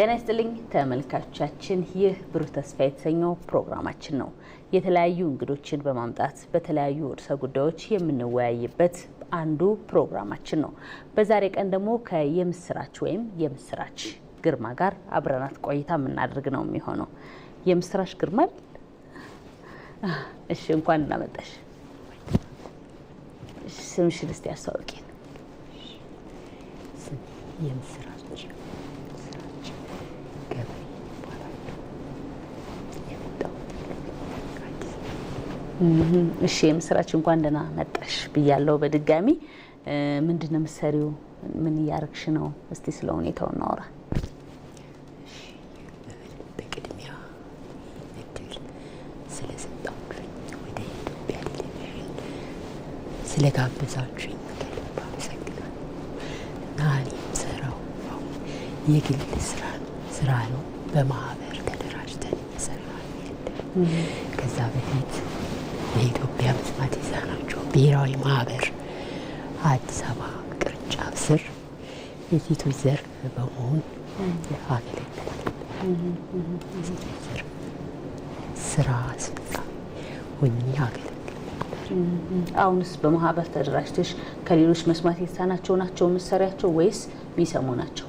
ጤና ይስጥልኝ ተመልካቾቻችን፣ ይህ ብሩህ ተስፋ የተሰኘው ፕሮግራማችን ነው። የተለያዩ እንግዶችን በማምጣት በተለያዩ ርዕሰ ጉዳዮች የምንወያይበት አንዱ ፕሮግራማችን ነው። በዛሬ ቀን ደግሞ ከየምስራች ወይም የምስራች ግርማ ጋር አብረናት ቆይታ የምናደርግ ነው የሚሆነው። የምስራች ግርማ፣ እሺ እንኳን እናመጣሽ። ስምሽን እስቲ አስተዋውቂን። እሺ የምስራች እንኳን ደህና መጣሽ ብያለሁ በድጋሚ ምንድን ነው የምትሰሪው ምን እያረግሽ ነው እስቲ ስለ ሁኔታው እናወራ በቅድሚያ ስለጋበዛችሁኝ ከልብ አመሰግናለሁ እና እኔ የምሰራው የግል ስራ ስራ ነው በማህበር ተደራጅተን እየሰራ ከዛ በፊት የኢትዮጵያ መስማት የተሳናቸው ብሔራዊ ማህበር አዲስ አበባ ቅርንጫፍ ስር የሴቶች ዘርፍ በመሆን አገለግላል። ስራ አስፈጻሚ ሆኜ አገለግል አሁንስ በማህበር ተደራጅተሽ ከሌሎች መስማት የተሳናቸው ናቸው መሰሪያቸው ወይስ የሚሰሙ ናቸው?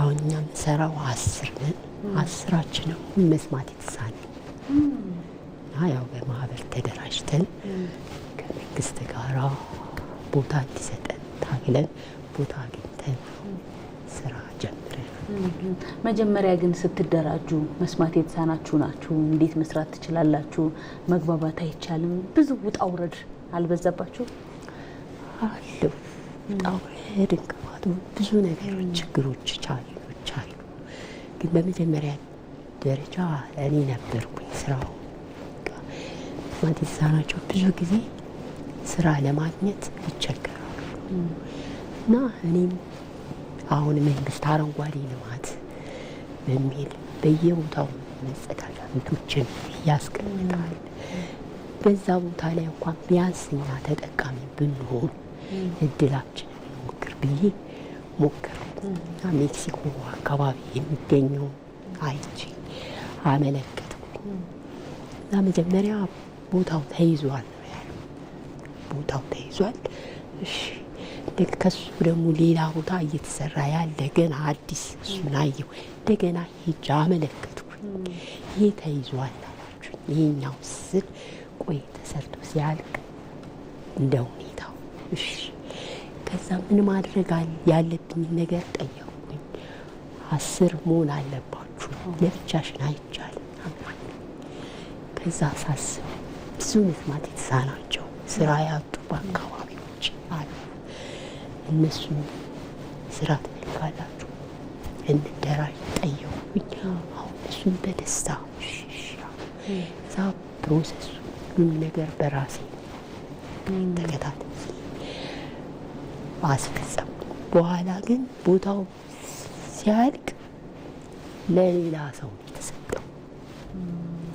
አሁን እኛ የምንሰራው አስር ነን። አስራችንም መስማት የተሳነ እና ያው በማህበር ተደራጅተን ከመንግስት ጋራ ቦታ እንዲሰጠን ታግለን ቦታ አግኝተን ስራ ጀምረን። መጀመሪያ ግን ስትደራጁ መስማት የተሳናችሁ ናችሁ፣ እንዴት መስራት ትችላላችሁ? መግባባት አይቻልም። ብዙ ውጣ ውረድ አልበዛባችሁ? አሉ ውጣ ውረድ፣ እንቅፋቱ፣ ብዙ ነገሮች፣ ችግሮች፣ ቻሌንጆች አሉ። ግን በመጀመሪያ ደረጃ እኔ ነበርኩኝ ስራው መስማት የተሳናቸው ብዙ ጊዜ ስራ ለማግኘት ይቸገራሉ እና እኔም አሁን መንግስት አረንጓዴ ልማት በሚል በየቦታው መጸዳጃ ቤቶችን ያስቀምጣል። በዛ ቦታ ላይ እንኳን ቢያንስኛ ተጠቃሚ ብንሆን እድላችንን ሞክር ብዬ ሞክር ሜክሲኮ አካባቢ የሚገኘው አይቼ አመለከትኩ እና መጀመሪያ ቦታው ተይዟል ቦታው ተይዟል። እሺ ከሱ ደግሞ ሌላ ቦታ እየተሰራ ያለ ገና አዲስ እሱን አየሁ። እንደገና ሄጃ አመለከትኩኝ። ይህ ተይዟል አላችሁኝ። ይህኛው ስል ቆይ ተሰርቶ ሲያልቅ እንደ ሁኔታው እሺ። ከዛ ምን ማድረግ ያለብኝ ነገር ጠየቁኝ። አስር መሆን አለባችሁ ለብቻሽን አይቻልም። ከዛ ሳስብ መስማት የተሳናቸው ስራ ያጡ በአካባቢዎች አሉ። እነሱም ስራ ትፈልጋላችሁ እንደራጅ ጠየቁኝ። አሁን እሱን በደስታ እዛ ፕሮሰሱ ሁሉን ነገር በራሴ ተከታተ አስፈጸም። በኋላ ግን ቦታው ሲያልቅ ለሌላ ሰው ነው የተሰጠው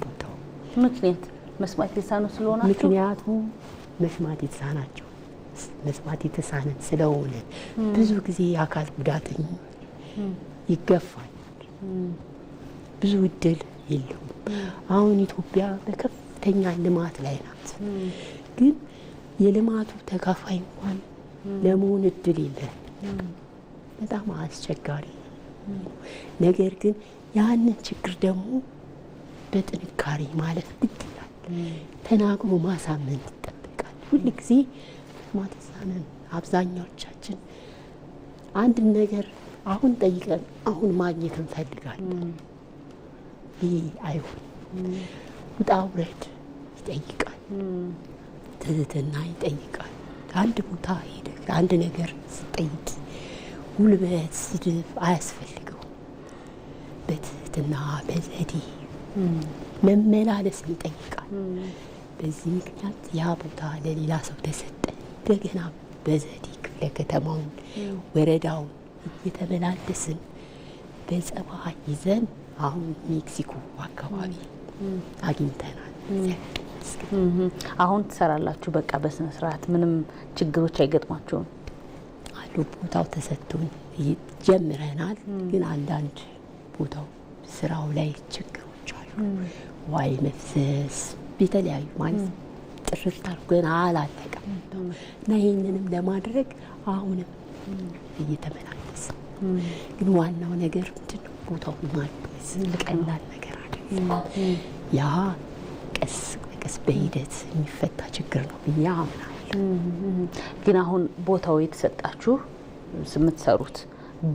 ቦታው ምክንያት መስማት የተሳኑ ስለሆናቸው ምክንያቱም መስማት የተሳናቸው መስማት የተሳነን ስለሆነ ብዙ ጊዜ የአካል ጉዳተኛ ይገፋል፣ ብዙ እድል የለውም። አሁን ኢትዮጵያ በከፍተኛ ልማት ላይ ናት፣ ግን የልማቱ ተካፋይ እንኳን ለመሆን እድል የለን። በጣም አስቸጋሪ ነገር ግን ያንን ችግር ደግሞ በጥንካሬ ማለት ። ግድ ተናግሮ ማሳመን ይጠበቃል። ሁል ጊዜ ማተሳነን አብዛኛዎቻችን አንድን ነገር አሁን ጠይቀን አሁን ማግኘት እንፈልጋለን። ይህ አይሆን ውጣ ውረድ ይጠይቃል፣ ትህትና ይጠይቃል። አንድ ቦታ ሄደ አንድ ነገር ስጠይቅ ጉልበት፣ ስድብ አያስፈልገውም በትህትና በዘዴ መመላለስ ይጠይቃል። በዚህ ምክንያት ያ ቦታ ለሌላ ሰው ተሰጠ። እንደገና በዘዴ ክፍለ ከተማውን ወረዳውን እየተመላለስን በጸባ ይዘን አሁን ሜክሲኮ አካባቢ አግኝተናል። አሁን ትሰራላችሁ። በቃ በስነ ስርዓት ምንም ችግሮች አይገጥሟቸውም አሉ። ቦታው ተሰጥቶን ጀምረናል። ግን አንዳንድ ቦታው ስራው ላይ ችግሮች አሉ። ዋይ መፍሰስ የተለያዩ ማለት ጥርት አድርጎ ገና አላለቀም እና ይህንንም ለማድረግ አሁንም እየተመላለስ ግን ዋናው ነገር ምንድን ቦታው ማድረስ ቀላል ነገር አይደለም። ያ ቀስ በቀስ በሂደት የሚፈታ ችግር ነው ብዬ አምናለሁ። ግን አሁን ቦታው የተሰጣችሁ የምትሰሩት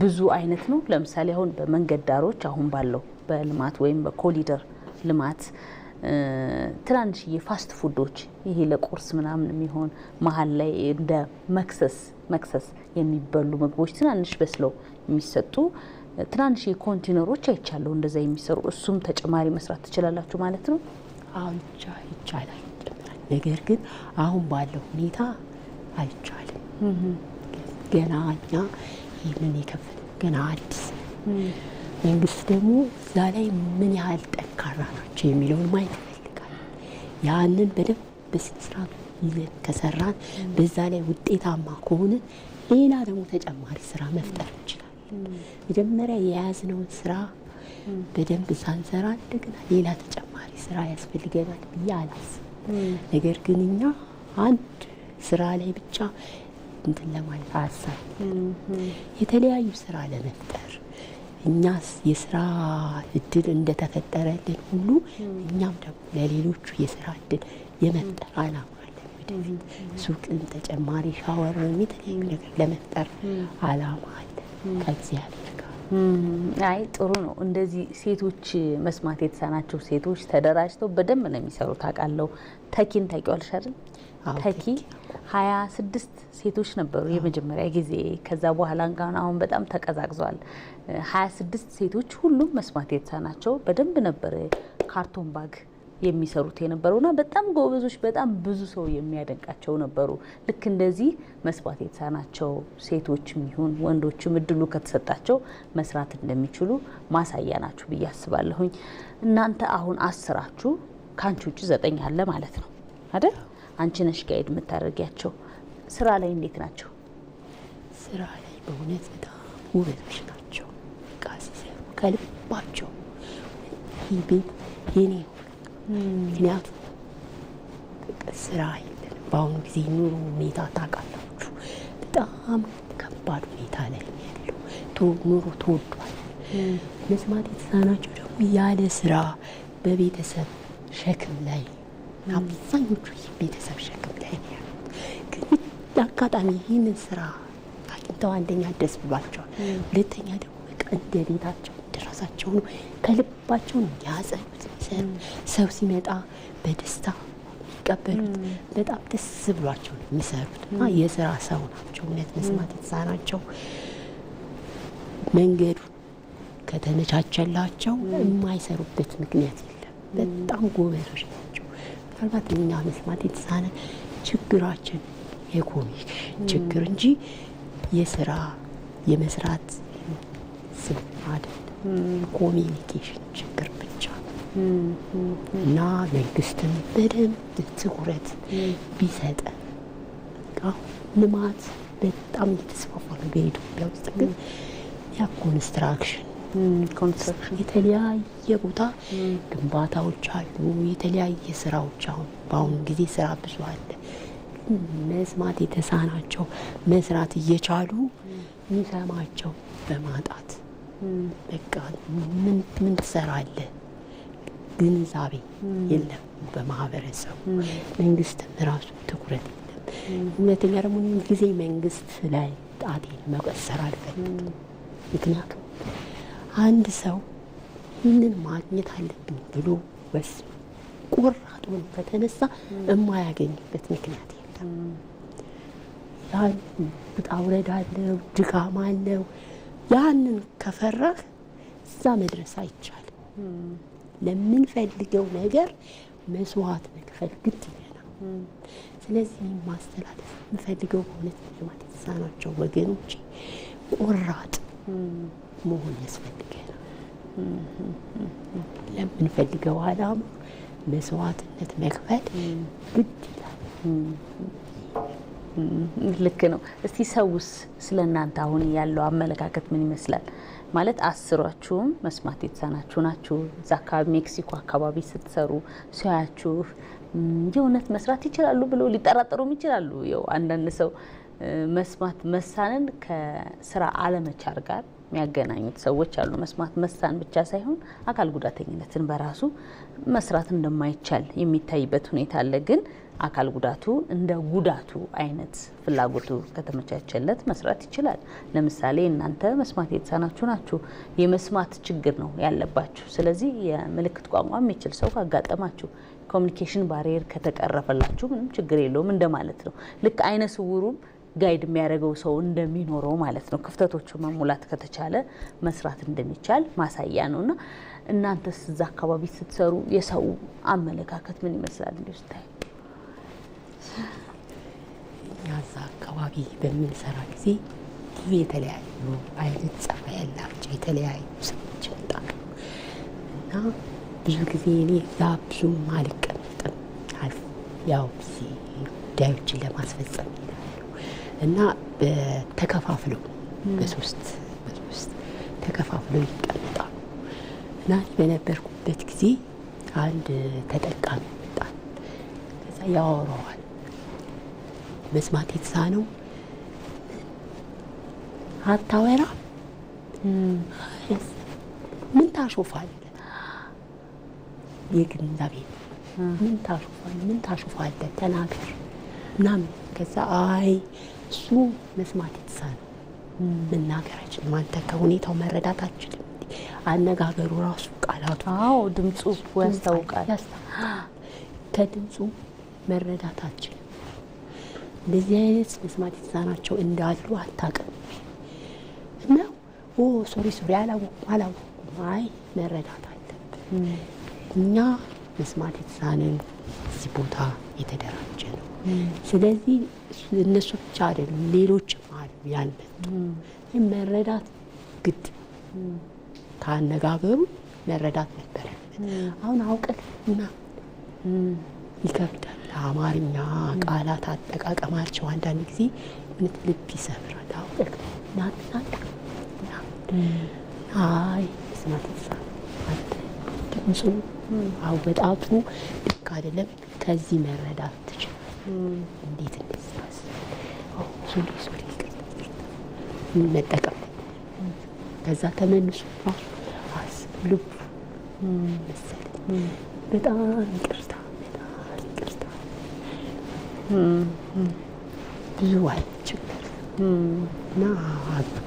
ብዙ አይነት ነው። ለምሳሌ አሁን በመንገድ ዳሮች አሁን ባለው በልማት ወይም በኮሊደር ልማት ትናንሽዬ ፋስት ፉዶች ይሄ ለቁርስ ምናምን የሚሆን መሀል ላይ እንደ መክሰስ መክሰስ የሚበሉ ምግቦች ትናንሽ በስለው የሚሰጡ ትናንሽ ኮንቴነሮች አይቻለሁ። እንደዛ የሚሰሩ እሱም ተጨማሪ መስራት ትችላላችሁ ማለት ነው። አሁን ይቻላል፣ ነገር ግን አሁን ባለው ሁኔታ አይቻልም። ገና እኛ ይህንን የከፈል ገና አዲስ መንግስት ደግሞ እዛ ላይ ምን ያህል ጠንካራ ናቸው የሚለውን ማየት ይፈልጋል። ያንን በደንብ በስነስርዓቱ ይዘን ከሰራን፣ በዛ ላይ ውጤታማ ከሆነ ሌላ ደግሞ ተጨማሪ ስራ መፍጠር እንችላለን። መጀመሪያ የያዝነውን ስራ በደንብ ሳንሰራ እንደገና ሌላ ተጨማሪ ስራ ያስፈልገናል ብዬ አላስብም። ነገር ግን እኛ አንድ ስራ ላይ ብቻ እንትን ለማለት ሀሳብ የተለያዩ ስራ ለመፍጠር እኛ የስራ እድል እንደተፈጠረልን ሁሉ እኛም ደግሞ ለሌሎቹ የስራ እድል የመፍጠር አላማ አለን። ወደፊት ሱቅም ተጨማሪ ሻወርም የተለያዩ ነገር ለመፍጠር አላማ አለን ከእግዚአብሔር ጋር። አይ ጥሩ ነው። እንደዚህ ሴቶች መስማት የተሳናቸው ሴቶች ተደራጅተው በደንብ ነው የሚሰሩት። አውቃለሁ። ተኪን ታውቂዋለሽ አይደል? ተኪ ሀያ ስድስት ሴቶች ነበሩ የመጀመሪያ ጊዜ። ከዛ በኋላ እንኳን አሁን በጣም ተቀዛቅዟል። ሀያ ስድስት ሴቶች ሁሉም መስማት የተሳናቸው በደንብ ነበር ካርቶን ባግ የሚሰሩት የነበሩና በጣም ጎበዞች፣ በጣም ብዙ ሰው የሚያደንቃቸው ነበሩ። ልክ እንደዚህ መስማት የተሳናቸው ሴቶችም ይሁን ወንዶችም እድሉ ከተሰጣቸው መስራት እንደሚችሉ ማሳያ ናችሁ ብዬ አስባለሁኝ። እናንተ አሁን አስራችሁ ከአንቺ ውጭ ዘጠኝ አለ ማለት ነው አይደል? አንቺ ነሽ ጋይድ የምታደርጊያቸው። ስራ ላይ እንዴት ናቸው? ስራ ላይ በእውነት በጣም ውበቶች ናቸው። በቃ ሲሰሩ ከልባቸው ይህ ቤት የኔ ምክንያቱም ስራ የለንም በአሁኑ ጊዜ ኑሮ ሁኔታ ታውቃላችሁ፣ በጣም ከባድ ሁኔታ ላይ ያለው ኑሮ ተወዷል። መስማት የተሳናቸው ደግሞ ያለ ስራ በቤተሰብ ሸክም ላይ አብዛኞቹ ቤተሰብ ሸክም ላይ ነው ያሉት። ግን አጋጣሚ ይህንን ስራ አግኝተው አንደኛ ደስ ብሏቸዋል፣ ሁለተኛ ደግሞ በቃ እንደ ቤታቸው እንደራሳቸው ነው። ከልባቸውን ያጸኑት ሰው ሲመጣ በደስታ የሚቀበሉት በጣም ደስ ብሏቸው ነው የሚሰሩት እና የስራ ሰው ናቸው። እውነት መስማት የተሳናቸው መንገዱ ከተመቻቸላቸው የማይሰሩበት ምክንያት የለም። በጣም ጎበዞች ምናልባት እኛ መስማት የተሳነ ችግራችን የኮሚሽን ችግር እንጂ የስራ የመስራት ስም አይደለም፣ ኮሚኒኬሽን ችግር ብቻ እና መንግስትም በደንብ ትኩረት ቢሰጠ ልማት በጣም የተስፋፋ ነው። በኢትዮጵያ ውስጥ ግን ያ ኮንስትራክሽን የተለያየ ቦታ ግንባታዎች አሉ። የተለያየ ስራዎች አሁን በአሁኑ ጊዜ ስራ ብዙ አለ። መስማት የተሳናቸው መስራት እየቻሉ የሚሰማቸው በማጣት በቃ ምን ምን ትሰራለህ? ግንዛቤ የለም በማህበረሰቡ። መንግስትም ራሱ ትኩረት የለም። እውነተኛ ደግሞ ጊዜ መንግስት ላይ ጣቴን መቀሰር አልፈልግም። ምክንያቱም አንድ ሰው ምን ማግኘት አለብኝ ብሎ ወስኖ ቆራጥ ሆኖ ከተነሳ የማያገኝበት ምክንያት የለም። ያን ውጣ ውረድ አለው፣ ድካም አለው። ያንን ከፈራህ እዛ መድረስ አይቻልም። ለምንፈልገው ነገር መስዋዕት መክፈል ግድ ይለናል። ስለዚህ ማስተላለፍ የምፈልገው በእውነት ልማት የተሳናቸው ወገኖች ቆራጥ መሆን ያስፈልገናል። ለምንፈልገው ዓላማ መስዋዕትነት መክፈል ግድ ይላል። ልክ ነው። እስቲ ሰውስ ስለ እናንተ አሁን ያለው አመለካከት ምን ይመስላል? ማለት አስሯችሁም መስማት የተሳናችሁ ናችሁ። እዛ አካባቢ ሜክሲኮ አካባቢ ስትሰሩ ሲያያችሁ የእውነት መስራት ይችላሉ ብሎ ሊጠራጠሩም ይችላሉ። ያው አንዳንድ ሰው መስማት መሳንን ከስራ አለመቻር ጋር የሚያገናኙት ሰዎች አሉ። መስማት መሳን ብቻ ሳይሆን አካል ጉዳተኝነትን በራሱ መስራት እንደማይቻል የሚታይበት ሁኔታ አለ። ግን አካል ጉዳቱ እንደ ጉዳቱ አይነት ፍላጎቱ ከተመቻቸለት መስራት ይችላል። ለምሳሌ እናንተ መስማት የተሳናችሁ ናችሁ፣ የመስማት ችግር ነው ያለባችሁ። ስለዚህ የምልክት ቋንቋ የሚችል ሰው ካጋጠማችሁ ኮሚኒኬሽን ባሪየር ከተቀረፈላችሁ ምንም ችግር የለውም እንደማለት ነው። ልክ አይነ ስውሩም ጋይድ የሚያደርገው ሰው እንደሚኖረው ማለት ነው። ክፍተቶቹ መሙላት ከተቻለ መስራት እንደሚቻል ማሳያ ነው እና እናንተስ እዛ አካባቢ ስትሰሩ የሰው አመለካከት ምን ይመስላል? እንዲ ስታይ እዛ አካባቢ በምንሰራ ጊዜ ብዙ የተለያዩ አይነት ጸባ ያላቸው የተለያዩ ሰዎች ይወጣሉ እና ብዙ ጊዜ እኔ እዛ ብዙም አልቀመጥም ያው ጉዳዮችን ለማስፈጸም እና ተከፋፍለው በሶስት በሶስት ተከፋፍለው ይቀመጣሉ እና በነበርኩበት ጊዜ አንድ ተጠቃሚ ይመጣል። ከዛ ያወራዋል። መስማት የተሳነው አታወራ ምን ታሾፋለ? የግንዛቤ ምን ታሾፋለ? ምን ታሾፋለ? ተናገር ምናምን ከዛ አይ እሱ መስማት የተሳነ መናገር አይችልም። አንተ ከሁኔታው መረዳት አችልም። አነጋገሩ ራሱ ቃላቱ፣ አዎ ድምፁ ያስታውቃል። ከድምፁ መረዳት አችልም። እንደዚህ አይነት መስማት የተሳናቸው እንዳሉ አታውቅም። እና ኦ ሶሪ ሶሪ አላወኩም አላወኩም፣ አይ መረዳት አለብን እኛ መስማት የተሳንን እዚህ ቦታ የተደራጀ ስለዚህ እነሱ ብቻ አይደሉም፣ ሌሎችም አሉ ያልመጡ። መረዳት ግድ ካነጋገሩ መረዳት ነበረ። አሁን አውቀንና ይከብዳል። አማርኛ ቃላት አጠቃቀማቸው አንዳንድ ጊዜ እውነት ልብ ይሰብራል። አውቀን ናትናት አይ ስማት ሳ ድምፁ አወጣጡ ልክ አይደለም። ከዚህ መረዳት ትችል እንዴት እንደዚያስ መጠቀም ከዛ ተመልሶ ራሱ አስብ ልቡ መሰለኝ በጣም ይቅርታ በጣም ይቅርታ ብዙ አለ ችግር እና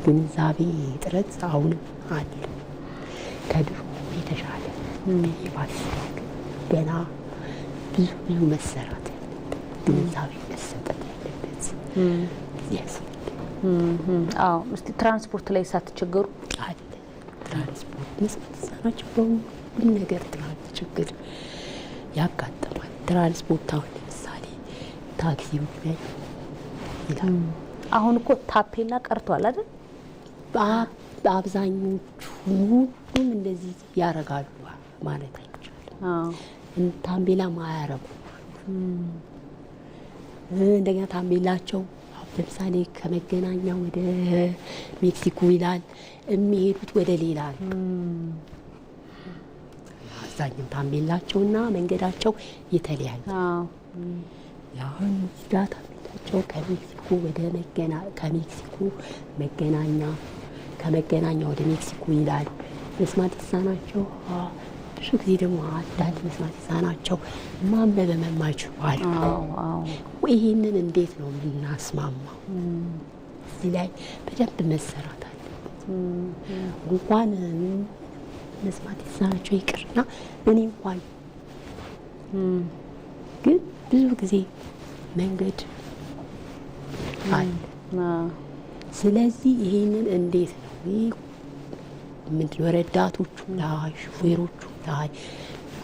ግንዛቤ ጥረት አሁንም አለ ከድሮ የተሻለ ባስ ገና ብዙ ብዙ መሰራት ግንዛቤ መሰጠት ያለበት ያስፈልጋል። እስኪ ትራንስፖርት ላይ ሳትቸገሩ አለ ትራንስፖርት መሰናቸው በሁሉም ነገር ትራንስ ችግር ያጋጥማል። ትራንስፖርት አሁን ለምሳሌ ታክሲ ምክንያት ይላል። አሁን እኮ ታፔላ ቀርቷል አይደል? አብዛኞቹ ሁሉም እንደዚህ ያደርጋሉ ማለት አይቻልም። ታፔላ ማያረጉ እንደገና ታምቤላቸው ለምሳሌ ከመገናኛ ወደ ሜክሲኮ ይላል የሚሄዱት ወደ ሌላ ነው። አብዛኛው ታምቤላቸውና መንገዳቸው የተለያየ አሁን እዛ ታምቤላቸው ከሜክሲኮ ወደ መገና ከሜክሲኮ መገናኛ ከመገናኛ ወደ ሜክሲኮ ይላል መስማት የተሳናቸው ብዙ ጊዜ ደግሞ አዳል መስማት የተሳናቸው ማንበብ መማችሉ አለ። ይህንን እንዴት ነው የምናስማማው? እዚህ ላይ በደንብ መሰራት አለበት። እንኳን መስማት የተሳናቸው ይቅርና እኔ እንኳን ግን ብዙ ጊዜ መንገድ አለ። ስለዚህ ይህንን እንዴት ነው ምንድነው ረዳቶቹ ሹፌሮቹ አይ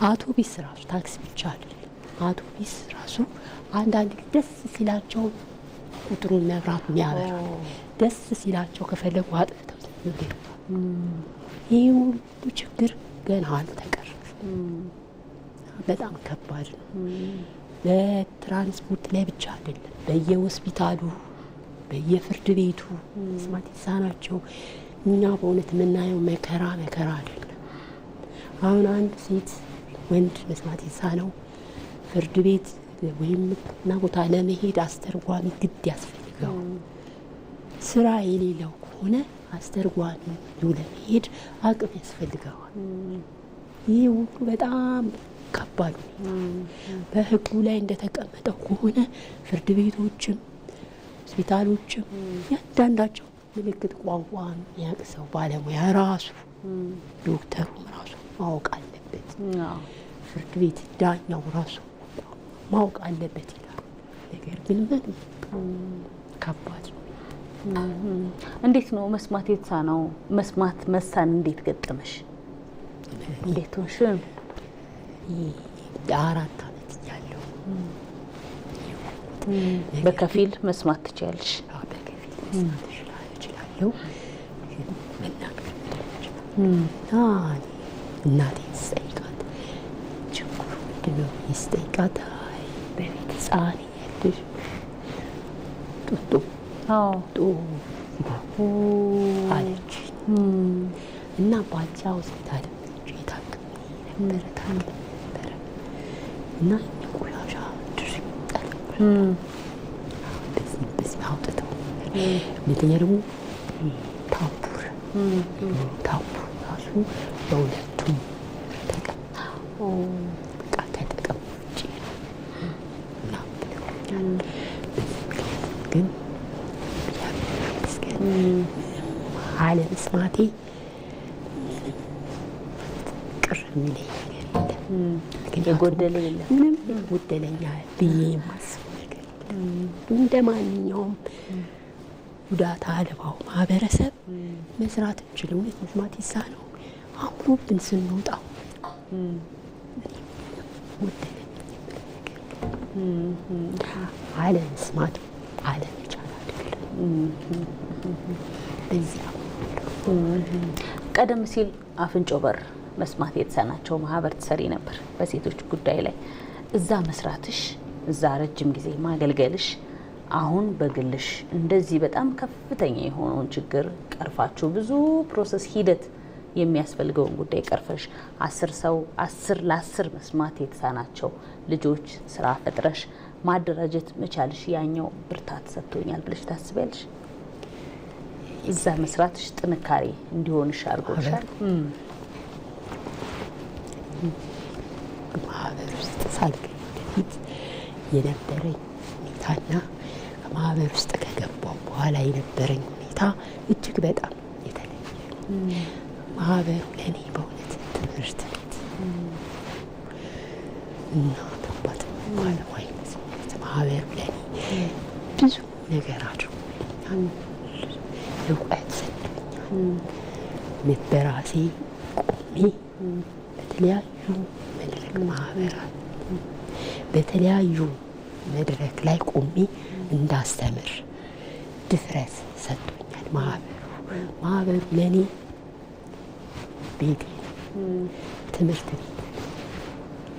አውቶቢስ ራሱ ታክሲ ብቻ አይደለም። አውቶቢስ ራሱ አንዳንድ ደስ ሲላቸው ቁጥሩን መብራት የሚያበራ ደስ ሲላቸው ከፈለጉ አጥፍተው የሚገባ ሁሉ ችግር ገና አልተቀረፈም። በጣም ከባድ ነው። በትራንስፖርት ላይ ብቻ አይደለም፣ በየሆስፒታሉ በየፍርድ ቤቱ መስማት የተሳናቸው እኛ በእውነት የምናየው መከራ መከራ አይደለም። አሁን አንድ ሴት ወንድ መስማት የተሳነው ፍርድ ቤት ወይም እና ቦታ ለመሄድ አስተርጓሚ ግድ ያስፈልገው ስራ የሌለው ከሆነ አስተርጓሚ ለመሄድ አቅም ያስፈልገዋል። ይህ ሁሉ በጣም ከባድ ሁኔታ ላይ እንደተቀመጠው ከሆነ ፍርድ ቤቶችም ሆስፒታሎችም ያንዳንዳቸው ምልክት ቋንቋ የሚያውቅ ባለሙያ ራሱ ዶክተሩም ራሱ ማወቅ አለበት። ፍርድ ቤት ዳኛው ራሱ ማወቅ አለበት ይላል። ነገር ግን በጣም ከባድ ነው። እንዴት ነው መስማት የተሳነው? መስማት መሳን እንዴት ገጠመሽ? እንዴት ሆንሽ? የአራት ዓመት እያለሁ በከፊል መስማት ትችያለሽ? በከፊል መስማት እችላለሁ፣ መናገር እናቴን ስጠይቃት ችግሩ ምንድነው ብዬ ስጠይቃት አይ በቤት ህፃን እያለሽ ጡጦ ጡጦ አለች እና ባልቻ ሆስፒታል የታክም ነበረ ታክም ነበረ እና ቆሻሻ ድርቅ በዚህ አውጥተው ሁለተኛ ደግሞ ታቡር ታቡር ራሱ በሁለት አለመስማቴ ቅር የሚለኝ ነገር የጎደለኝ ምንም ብዬ የማስብ ነገር የለም። እንደ ማንኛውም ጉዳት አልባው ማህበረሰብ መስራት እንችል። እውነት መስማት ይሳነው አምሮብን ስንወጣው አለመስማት አለመቻል በዚያ ቀደም ሲል አፍንጮ በር መስማት የተሳናቸው ማህበር ትሰሪ ነበር በሴቶች ጉዳይ ላይ እዛ መስራትሽ እዛ ረጅም ጊዜ ማገልገልሽ አሁን በግልሽ እንደዚህ በጣም ከፍተኛ የሆነውን ችግር ቀርፋችሁ ብዙ ፕሮሰስ ሂደት የሚያስፈልገውን ጉዳይ ቀርፈሽ አስር ሰው አስር ለአስር መስማት የተሳናቸው ልጆች ስራ ፈጥረሽ ማደራጀት መቻልሽ ያኛው ብርታት ሰጥቶኛል ብለሽ ታስቢያለሽ። እዛ መስራትሽ ጥንካሬ እንዲሆንሽ አድርጎሻል። ማህበር ውስጥ ሳልገኝ የነበረኝ ሁኔታና ከማህበር ውስጥ ከገባው በኋላ የነበረኝ ሁኔታ እጅግ በጣም የተለየ ማህበሩ ለእኔ በእውነት ትምህርት ቤት እናት አባት ባለማይነት ማህበሩ ለእኔ ብዙ ነገር አድርጎልኛል። እውቀት ሰጥቶኛል። በራሴ ቆሜ በተለያዩ መድረክ ማህበራት በተለያዩ መድረክ ላይ ቆሜ እንዳስተምር ድፍረት ሰጥቶኛል። ማህበሩ ማህበሩ ለእኔ ቤት ትምህርት ቤት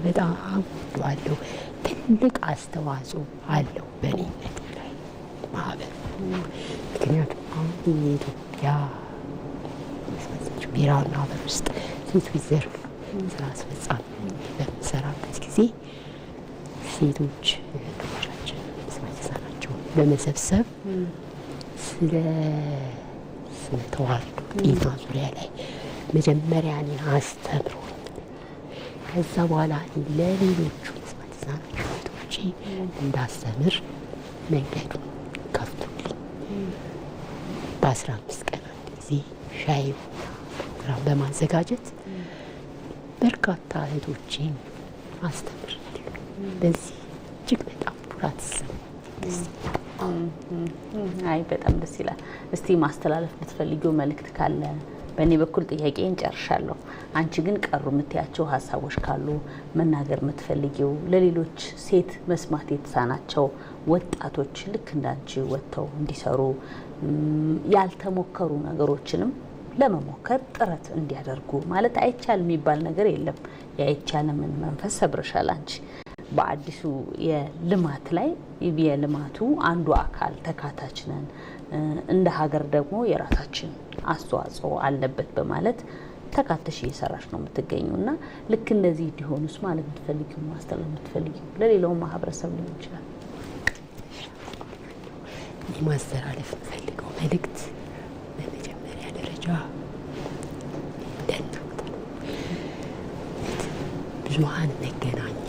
በጣም ዋለው ትልቅ አስተዋጽኦ አለው በኔነት ላይ ማህበር። ምክንያቱም አሁን የኢትዮጵያ ብሔራዊ ማህበር ውስጥ ሴቶች ዘርፍ ስራ አስፈጻሚ በምሰራበት ጊዜ ሴቶች እህቶቻችን ስማችሳናቸውን በመሰብሰብ ስለ ስነ ተዋልዶ ጤና ዙሪያ ላይ መጀመሪያ እኔ ከዛ በኋላ ለሌሎቹ ህጻናት እንዳስተምር መንገዱን ከፍቶልኝ በአስራ አምስት ቀን አንድ ጊዜ ሻይ ፕሮግራም በማዘጋጀት በርካታ እህቶቼን አስተምር በዚህ እጅግ በጣም ኩራት አይ በጣም ደስ ይላል። እስቲ ማስተላለፍ ብትፈልጊው መልእክት ካለ በእኔ በኩል ጥያቄ እንጨርሻለሁ። አንቺ ግን ቀሩ የምትያቸው ሀሳቦች ካሉ መናገር የምትፈልጊው ለሌሎች ሴት መስማት የተሳናቸው ወጣቶች ልክ እንዳንቺ ወጥተው እንዲሰሩ ያልተሞከሩ ነገሮችንም ለመሞከር ጥረት እንዲያደርጉ ማለት አይቻል የሚባል ነገር የለም። የአይቻልምን መንፈስ ሰብረሻል አንቺ። በአዲሱ የልማት ላይ የልማቱ አንዱ አካል ተካታችነን እንደ ሀገር ደግሞ የራሳችን አስተዋጽኦ አለበት በማለት ተካተሽ እየሰራች ነው የምትገኘው እና ልክ እንደዚህ እንዲሆኑስ ማለት የምትፈልጊው ማስተላለፍ የምትፈልጊው ለሌላው ማህበረሰብ ሊሆን ይችላል ማስተላለፍ የምፈልገው መልእክት በመጀመሪያ ደረጃ እንደናት ብዙሀን መገናኛ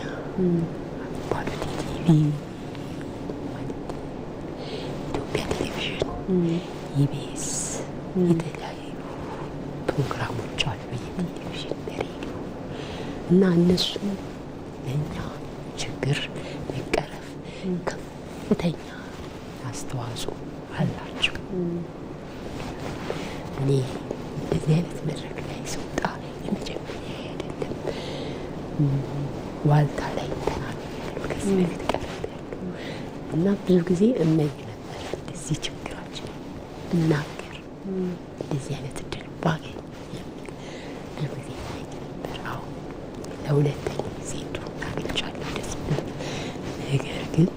ባሉት ቲቪ ኢትዮጵያ ቴሌቪዥን ኢቢኤስ የተለያዩ ፕሮግራሞች አሉ በየቴሌቪዥን በሬዲዮ እና እነሱ ለእኛ ችግር መቀረፍ ከፍተኛ አስተዋጽኦ አላቸው። እኔ እንደዚህ አይነት መድረክ ላይ ስወጣ የመጀመሪያ አይደለም። ዋልታ ላይ ተናግሬያለሁ ከዚህ በፊት ቀርቤያለሁ እና ብዙ ጊዜ እመኝ ነበር እንደዚህ ችግራችን እና እንደዚህ አይነት እድል ባገኝ የሚል ጊዜ ነበር። አሁን ለሁለተኛ ጊዜ እድሉን አግኝቻለሁ። ደስ ነገር ግን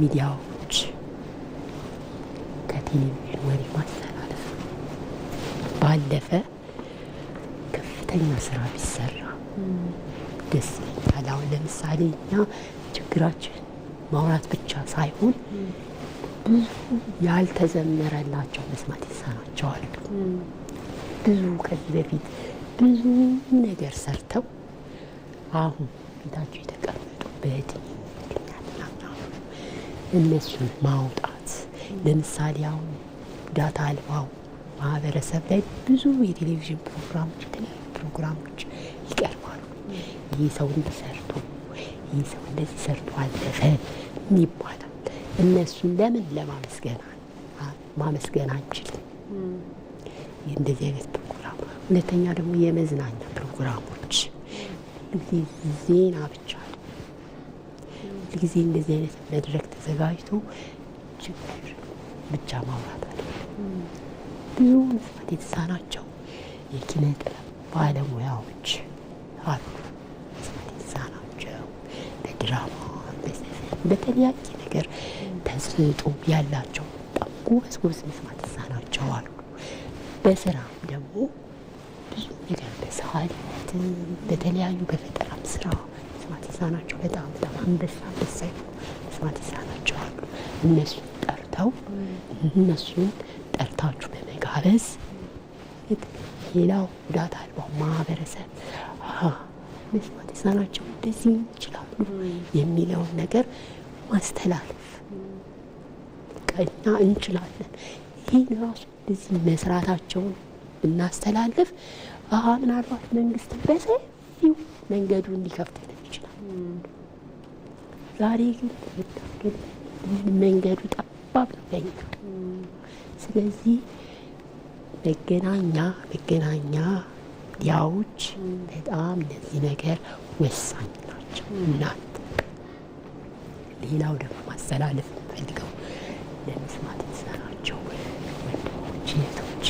ሚዲያው ተዘመረላቸው መስማት ይሳናቸዋል። ብዙ ከዚህ በፊት ብዙ ነገር ሰርተው አሁን ፊታቸው የተቀመጡ እነሱን ማውጣት ለምሳሌ አሁን ዳታ አልባው ማህበረሰብ ላይ ብዙ የቴሌቪዥን ፕሮግራሞች፣ የተለያዩ ፕሮግራሞች ይቀርባሉ። ይህ ሰው እንዲሰርቶ ይህ ሰው እንደዚህ ሰርቶ አለፈ ይባላል። እነሱን ለምን ለማመስገን ማመስገን አንችልም። እንደዚህ አይነት ፕሮግራም ሁለተኛ ደግሞ የመዝናኛ ፕሮግራሞች ሁልጊዜ ዜና ብቻ ነው። ሁልጊዜ እንደዚህ አይነት መድረክ ተዘጋጅቶ ችግር ብቻ ማውራት አለ ብዙ መስማት የተሳናቸው የኪነ ጥበብ ባለሙያዎች አሉ። መስማት የተሳናቸው በድራማ በተለያየ ነገር ተጽጦ ያላቸው ጎበዝ ጎበዝ መስማት ተሳናቸው አሉ። በስራም ደግሞ ብዙ ነገር በሰዓሊነት በተለያዩ በፈጠራም ስራ መስማት ተሳናቸው በጣም በጣም አንበሳ አንበሳ መስማት ተሳናቸው አሉ። እነሱን ጠርተው እነሱን ጠርታችሁ በመጋበዝ ሌላው ጉዳት አልባ ማህበረሰብ መስማት የተሳናቸው እንደዚህ ይችላሉ የሚለውን ነገር ማስተላለፍ በቃኛ እንችላለን። ይህን ራሱ እንደዚህ መስራታቸውን ብናስተላልፍ አሀ ምናልባት መንግስት በሰፊው መንገዱን ሊከፍትልን ይችላል። ዛሬ ግን ግን መንገዱ ጠባብ ነው ስለዚህ መገናኛ መገናኛ ያዎች በጣም እነዚህ ነገር ወሳኝ ናቸው። እናት ሌላው ደግሞ ማስተላለፍ በመስማት የተሰራቸው ወንድሞች እህቶች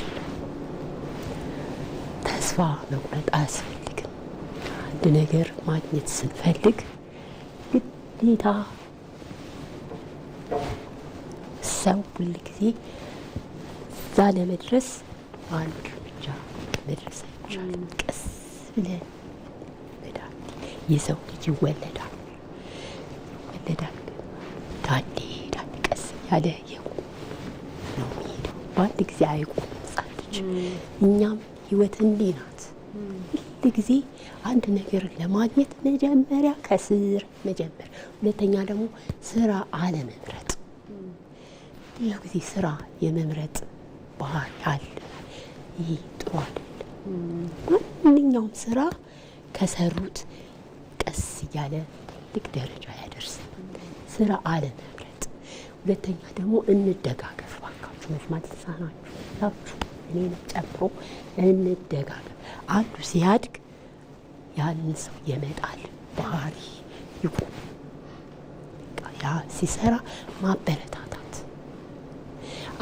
ተስፋ መቁረጥ አያስፈልግም። አንድ ነገር ማግኘት ስንፈልግ ግዴታ ሰው ሁል ጊዜ እዛ ለመድረስ አንድ እርምጃ መድረስ አይቻልም። ቀስ ብለን የሰው ልጅ ይወለዳል ይወለዳል ዳንዴ ዳንዴ ቀስ ያለ በአንድ ጊዜ አይቆም ሕፃን ልጅ። እኛም ህይወት እንዲህ ናት። ሁል ጊዜ አንድ ነገር ለማግኘት መጀመሪያ ከስር መጀመር፣ ሁለተኛ ደግሞ ስራ አለመምረጥ። ብዙ ጊዜ ስራ የመምረጥ ባህል አለ። ይህ ጥሩ አይደለም። ማንኛውም ስራ ከሰሩት ቀስ እያለ ትልቅ ደረጃ ያደርሰናል። ስራ አለመምረጥ፣ ሁለተኛ ደግሞ እንደጋገፍ ሁላችሁ መስማት የተሳናችሁ ላችሁ እኔን ጨምሮ እንደጋገር። አንዱ ሲያድግ ያንን ሰው የመጣል ባህሪ ይቁም። ያ ሲሰራ ማበረታታት፣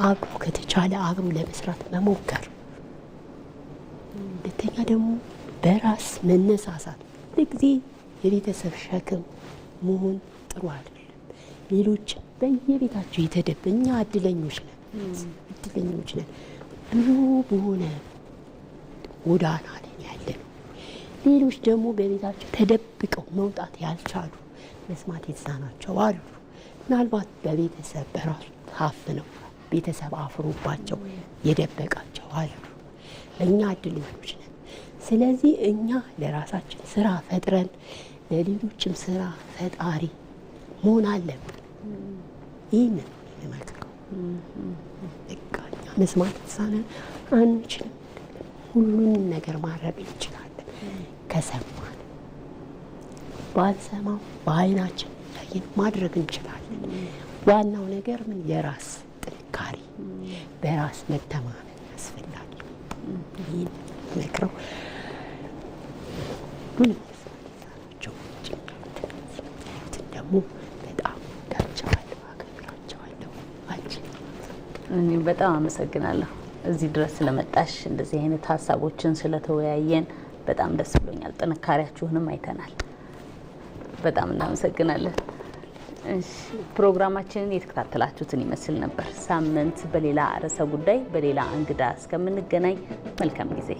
አብሮ ከተቻለ አብሮ ለመስራት መሞከር። ሁለተኛ ደግሞ በራስ መነሳሳት። ሁልጊዜ የቤተሰብ ሸክም መሆን ጥሩ አይደለም። ሌሎች በየቤታቸው የተደበኛ እድለኞች ነን። እድለኞች ይችላል ብሩህ በሆነ ጎዳና ላይ ያለ ነው። ሌሎች ደግሞ በቤታቸው ተደብቀው መውጣት ያልቻሉ መስማት የተሳናቸው አሉ። ምናልባት በቤተሰብ በራሱ ታፍነው ቤተሰብ አፍሮባቸው የደበቃቸው አሉ። እኛ እድለኞች ነን። ስለዚህ እኛ ለራሳችን ስራ ፈጥረን ለሌሎችም ስራ ፈጣሪ መሆን አለብን። ይህንን በቃ እኛ መስማት ተሳነን አንችልም። ሁሉንም ነገር ማረም እንችላለን ከሰማን። ባልሰማው በአይናችን ያየን ማድረግ እንችላለን። ዋናው ነገር ምን የራስ ጥንካሬ፣ በራስ መተማመን ያስፈልጋል። ይህን ነግረው ሁሉንም መስማት ተሳናቸው ጭምት ደግሞ እኔም በጣም አመሰግናለሁ እዚህ ድረስ ስለመጣሽ፣ እንደዚህ አይነት ሀሳቦችን ስለተወያየን በጣም ደስ ብሎኛል። ጥንካሬያችሁንም አይተናል። በጣም እናመሰግናለን። ፕሮግራማችንን የተከታተላችሁትን ይመስል ነበር። ሳምንት በሌላ ርዕሰ ጉዳይ በሌላ እንግዳ እስከምንገናኝ መልካም ጊዜ